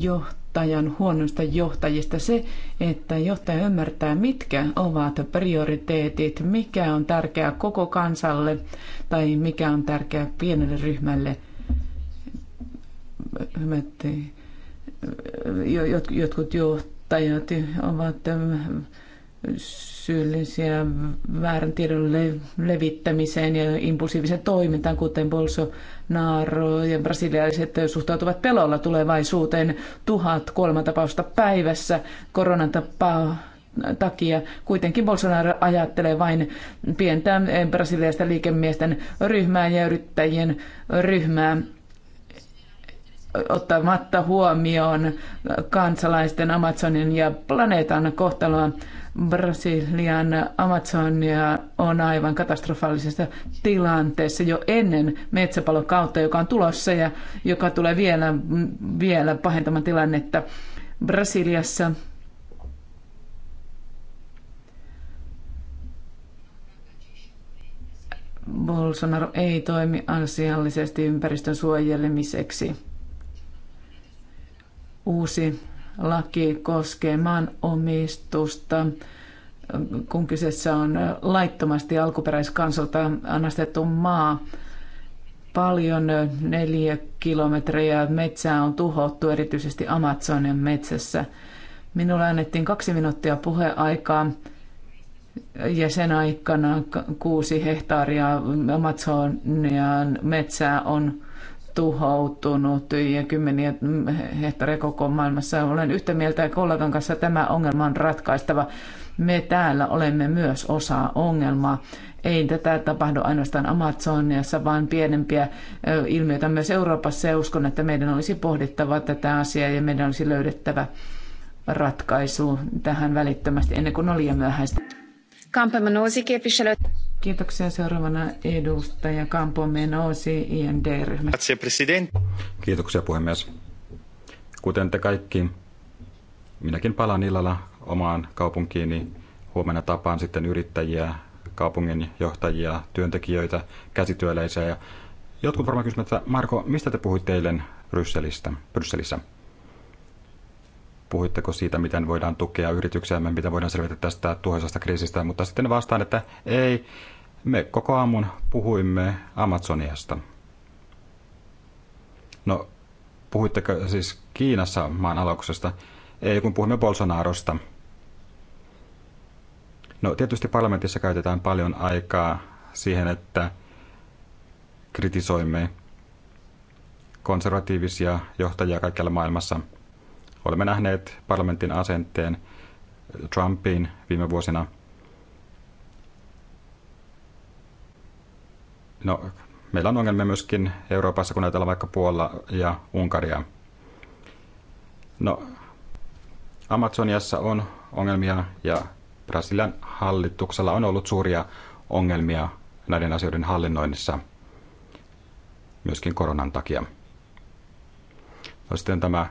johtajan huonoista johtajista se, että johtaja ymmärtää, mitkä ovat prioriteetit, mikä on tärkeää koko kansalle tai mikä on tärkeää pienelle ryhmälle. Jotkut johtajat ovat syyllisiä väärän tiedon levittämiseen ja impulsiiviseen toimintaan, kuten Bolsonaro ja brasilialaiset suhtautuvat pelolla tulevaisuuteen. Tuhat kuolemantapausta päivässä koronan tapaa takia. Kuitenkin Bolsonaro ajattelee vain pientä brasilialaista liikemiesten ryhmää ja yrittäjien ryhmää ottamatta huomioon kansalaisten Amazonin ja planeetan kohtaloa. Brasilian Amazonia on aivan katastrofaalisessa tilanteessa jo ennen metsäpalokautta, joka on tulossa ja joka tulee vielä, vielä pahentamaan tilannetta Brasiliassa. Bolsonaro ei toimi asiallisesti ympäristön suojelemiseksi. Uusi laki koskee maanomistusta, kun kyseessä on laittomasti alkuperäiskansalta anastettu maa. Paljon neljä kilometriä, metsää on tuhottu, erityisesti Amazonin metsässä. Minulle annettiin kaksi minuuttia puheaikaa ja sen aikana kuusi hehtaaria Amazonian metsää on tuhoutunut ja kymmeniä hehtaareja koko maailmassa. Olen yhtä mieltä kollegan kanssa, tämä ongelma on ratkaistava. Me täällä olemme myös osa ongelmaa. Ei tätä tapahdu ainoastaan Amazoniassa, vaan pienempiä ilmiöitä myös Euroopassa ja uskon, että meidän olisi pohdittava tätä asiaa ja meidän olisi löydettävä ratkaisu tähän välittömästi ennen kuin on liian myöhäistä. Kampemanosi, Kiitoksia. Seuraavana edustaja Kampo Menosi, IND-ryhmä. Kiitoksia puhemies. Kuten te kaikki, minäkin palaan illalla omaan kaupunkiini. Huomenna tapaan sitten yrittäjiä, kaupungin johtajia, työntekijöitä, käsityöläisiä. jotkut varmaan kysyvät, että Marko, mistä te puhuitte eilen Brysselistä? Brysselissä? puhuitteko siitä, miten voidaan tukea yrityksiä, miten voidaan selvitä tästä tuhoisasta kriisistä, mutta sitten vastaan, että ei, me koko aamun puhuimme Amazoniasta. No, puhuitteko siis Kiinassa maan aluksesta? Ei, kun puhumme Bolsonarosta. No, tietysti parlamentissa käytetään paljon aikaa siihen, että kritisoimme konservatiivisia johtajia kaikkialla maailmassa – Olemme nähneet parlamentin asenteen Trumpiin viime vuosina. No, meillä on ongelmia myöskin Euroopassa, kun ajatellaan vaikka Puola ja Unkaria. No, Amazoniassa on ongelmia ja Brasilian hallituksella on ollut suuria ongelmia näiden asioiden hallinnoinnissa myöskin koronan takia. No sitten tämä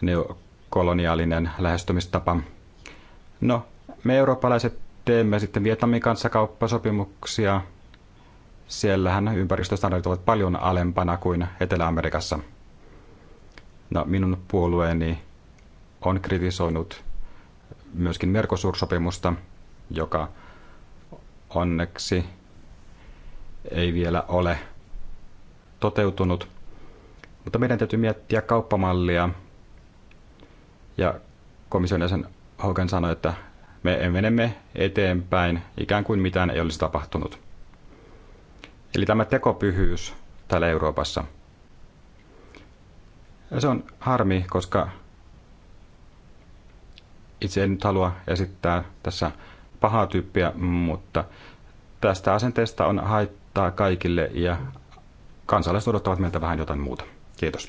neokoloniaalinen lähestymistapa. No, me eurooppalaiset teemme sitten Vietnamin kanssa kauppasopimuksia. Siellähän ympäristöstandardit ovat paljon alempana kuin Etelä-Amerikassa. No, minun puolueeni on kritisoinut myöskin Mercosur-sopimusta, joka onneksi ei vielä ole toteutunut. Mutta meidän täytyy miettiä kauppamallia, ja komission jäsen Hogan sanoi, että me menemme eteenpäin ikään kuin mitään ei olisi tapahtunut. Eli tämä tekopyhyys täällä Euroopassa. Ja se on harmi, koska itse en nyt halua esittää tässä pahaa tyyppiä, mutta tästä asenteesta on haittaa kaikille ja kansalaiset odottavat meiltä vähän jotain muuta. Kiitos.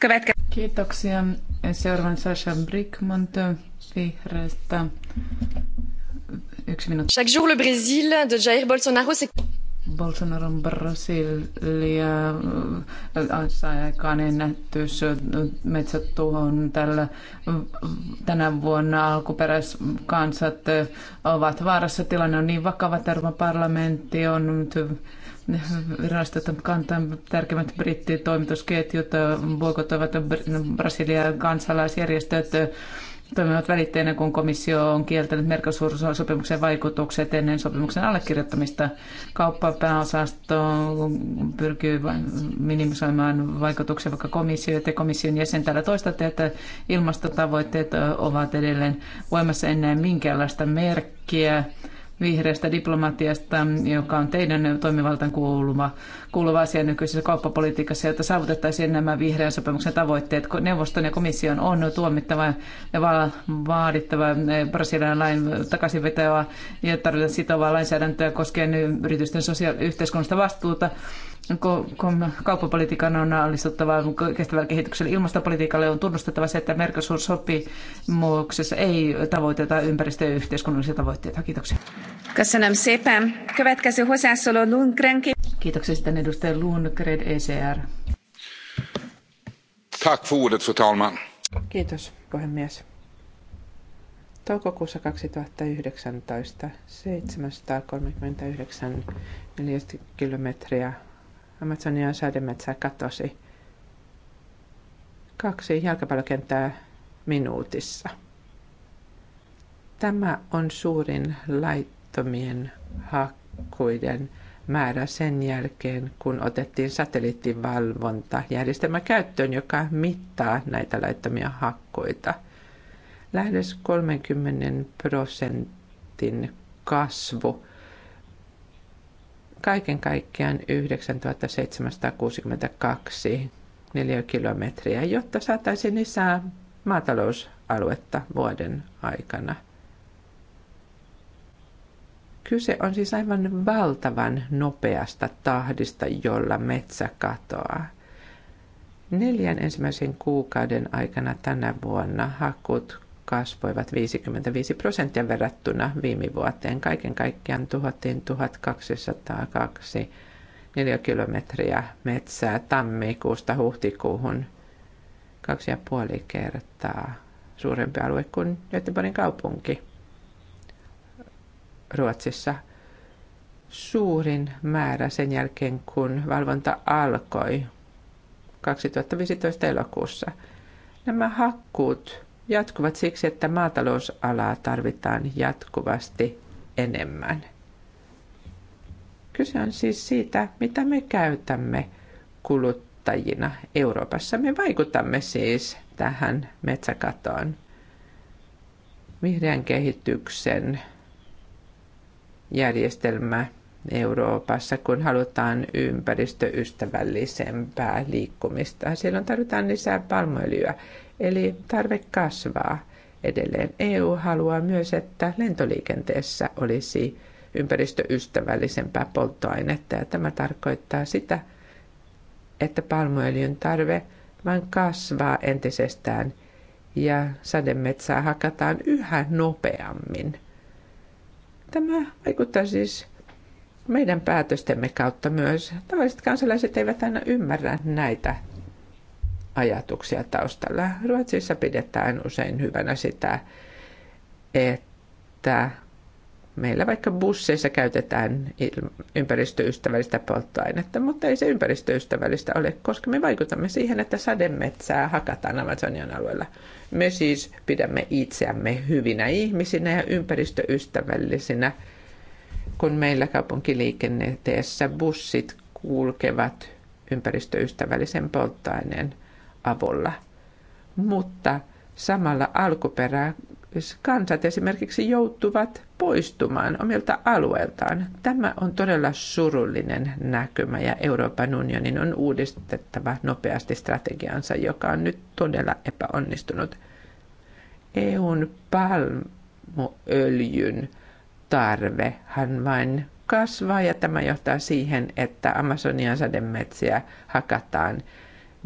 Kövätkä. Kiitoksia. Seuraavan Sasha Brickmont vihreästä. Yksi minuutti. Chaque jour le Brésil de Jair Bolsonaro, c'est... on Brasilia äh, aikaan ennätys metsätuhon tällä, tänä vuonna alkuperäiskansat ovat vaarassa. Tilanne on niin vakava, että Euroopan parlamentti on nyt virastot kantaa tärkeimmät brittitoimitusketjut, boikotoivat Brasilian kansalaisjärjestöt, toimivat välitteenä, kun komissio on kieltänyt Mercosur-sopimuksen vaikutukset ennen sopimuksen allekirjoittamista. Kauppapääosasto pyrkii minimisoimaan vaikutuksia, vaikka komissio ja komission jäsen täällä toistatte, että ilmastotavoitteet ovat edelleen voimassa ennen minkäänlaista merkkiä vihreästä diplomatiasta, joka on teidän toimivaltaan kuuluva, kuuluva asia nykyisessä kauppapolitiikassa, jotta saavutettaisiin nämä vihreän sopimuksen tavoitteet. Neuvoston ja komission on tuomittava ja vaadittava eh, Brasilian lain takaisinvetoa ja tarjota sitovaa lainsäädäntöä koskien yritysten sosiaali- yhteiskunnallista vastuuta kauppapolitiikan on alistuttavaa kestävällä kehityksellä. Ilmastopolitiikalle on tunnustettava se, että Mercosur-sopimuksessa ei tavoiteta ympäristö- ja yhteiskunnallisia tavoitteita. Kiitoksia. Köszönöm szépen. Következő hozzászóló Lundgrenki. Kiitoksia sitten edustaja Lundgren ECR. Tack för ordet, fru talman. Kiitos, puhemies. Toukokuussa 2019 739 kilometriä. Amazonian sademetsä katosi. Kaksi jalkapallokenttää minuutissa. Tämä on suurin laittomien hakkuiden määrä sen jälkeen, kun otettiin satelliittivalvontajärjestelmä käyttöön, joka mittaa näitä laittomia hakkuita. Lähes 30 prosentin kasvu Kaiken kaikkiaan 9762 neliökilometriä, jotta saataisiin lisää maatalousaluetta vuoden aikana. Kyse on siis aivan valtavan nopeasta tahdista, jolla metsä katoaa. Neljän ensimmäisen kuukauden aikana tänä vuonna hakut kasvoivat 55 prosenttia verrattuna viime vuoteen. Kaiken kaikkiaan tuhottiin 1202 neliökilometriä metsää tammikuusta huhtikuuhun kaksi ja puoli kertaa suurempi alue kuin Göteborgin kaupunki Ruotsissa. Suurin määrä sen jälkeen, kun valvonta alkoi 2015 elokuussa. Nämä hakkuut jatkuvat siksi, että maatalousalaa tarvitaan jatkuvasti enemmän. Kyse on siis siitä, mitä me käytämme kuluttajina Euroopassa. Me vaikutamme siis tähän metsäkatoon, vihreän kehityksen järjestelmä Euroopassa, kun halutaan ympäristöystävällisempää liikkumista. Silloin tarvitaan lisää palmoöljyä Eli tarve kasvaa edelleen. EU haluaa myös, että lentoliikenteessä olisi ympäristöystävällisempää polttoainetta ja tämä tarkoittaa sitä, että palmuöljyn tarve vain kasvaa entisestään ja sademetsää hakataan yhä nopeammin. Tämä vaikuttaa siis meidän päätöstemme kautta myös. Tavalliset kansalaiset eivät aina ymmärrä näitä ajatuksia taustalla. Ruotsissa pidetään usein hyvänä sitä, että meillä vaikka busseissa käytetään ympäristöystävällistä polttoainetta, mutta ei se ympäristöystävällistä ole, koska me vaikutamme siihen, että sademetsää hakataan Amazonian alueella. Me siis pidämme itseämme hyvinä ihmisinä ja ympäristöystävällisinä, kun meillä kaupunkiliikenteessä bussit kulkevat ympäristöystävällisen polttoaineen – avulla. Mutta samalla alkuperää kansat esimerkiksi joutuvat poistumaan omilta alueiltaan. Tämä on todella surullinen näkymä ja Euroopan unionin on uudistettava nopeasti strategiansa, joka on nyt todella epäonnistunut. EUn palmuöljyn tarvehan vain kasvaa ja tämä johtaa siihen, että Amazonian sademetsiä hakataan –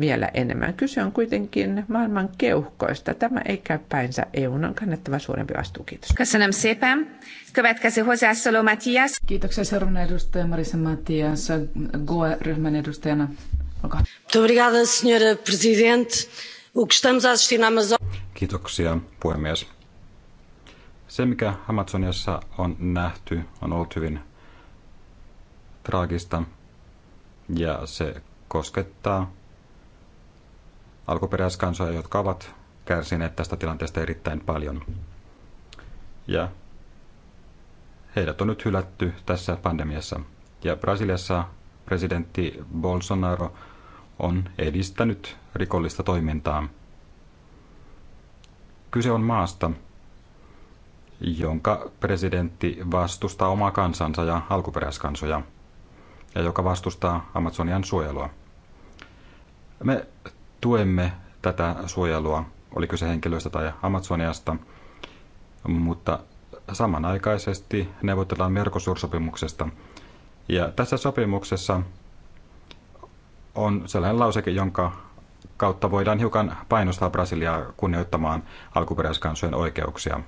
vielä enemmän. Kyse on kuitenkin maailman keuhkoista. Tämä ei käy päinsä. EUn on kannettava suurempi vastuu. Kiitos. Köszönöm szépen. Következő hozzászóló Matthias. Kiitoksia seuraavana edustaja Marisa Matias, GOE-ryhmän edustajana. Olkaa. Kiitoksia, puhemies. Se, mikä Amazoniassa on nähty, on ollut hyvin traagista ja se koskettaa alkuperäiskansoja, jotka ovat kärsineet tästä tilanteesta erittäin paljon. Ja heidät on nyt hylätty tässä pandemiassa. Ja Brasiliassa presidentti Bolsonaro on edistänyt rikollista toimintaa. Kyse on maasta, jonka presidentti vastustaa omaa kansansa ja alkuperäiskansoja, ja joka vastustaa Amazonian suojelua. Me tuemme tätä suojelua, oli kyse henkilöistä tai Amazoniasta, mutta samanaikaisesti neuvotellaan Mercosur-sopimuksesta. Ja tässä sopimuksessa on sellainen lauseke, jonka kautta voidaan hiukan painostaa Brasiliaa kunnioittamaan alkuperäiskansojen oikeuksia.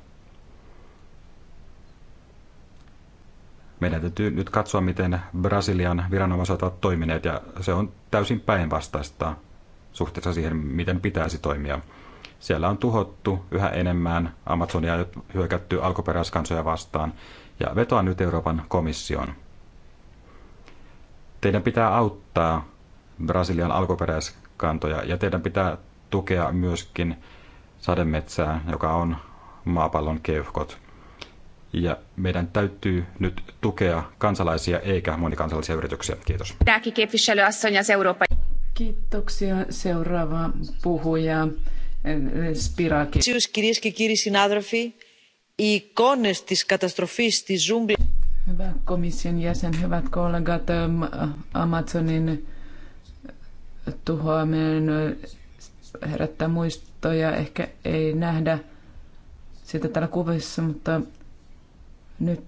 Meidän täytyy nyt katsoa, miten Brasilian viranomaiset ovat toimineet, ja se on täysin päinvastaista suhteessa siihen, miten pitäisi toimia. Siellä on tuhottu yhä enemmän, Amazonia hyökätty alkuperäiskansoja vastaan ja vetoan nyt Euroopan komission. Teidän pitää auttaa Brasilian alkuperäiskantoja ja teidän pitää tukea myöskin sademetsää, joka on maapallon keuhkot. Ja meidän täytyy nyt tukea kansalaisia eikä monikansallisia yrityksiä. Kiitos. Kiitoksia. Seuraava puhuja, eh, Spiraki. Κυρίες και κύριοι συνάδελφοι, οι εικόνες της καταστροφής στη Hyvä komission jäsen, hyvät kollegat, ähm, Amazonin tuhoaminen äh, herättää muistoja. Ehkä ei nähdä sitä täällä kuvissa, mutta nyt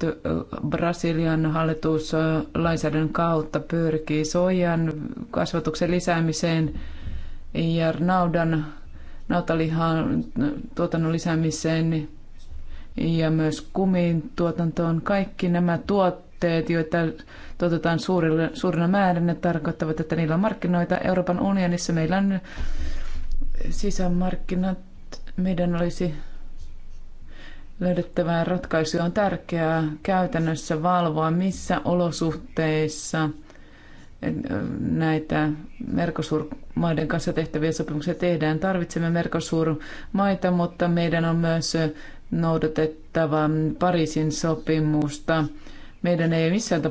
Brasilian hallitus lainsäädännön kautta pyrkii soijan kasvatuksen lisäämiseen ja naudan, nautalihan tuotannon lisäämiseen ja myös kumin tuotantoon. Kaikki nämä tuotteet, joita tuotetaan suurilla, suurina määrinä, tarkoittavat, että niillä on markkinoita. Euroopan unionissa meillä on sisämarkkinat. Meidän olisi löydettävää ratkaisua on tärkeää käytännössä valvoa, missä olosuhteissa eh, näitä Mercosur-maiden kanssa tehtäviä sopimuksia tehdään. Tarvitsemme Mercosur-maita, mutta meidän on myös noudatettava Pariisin sopimusta. Meidän ei missään tapauksessa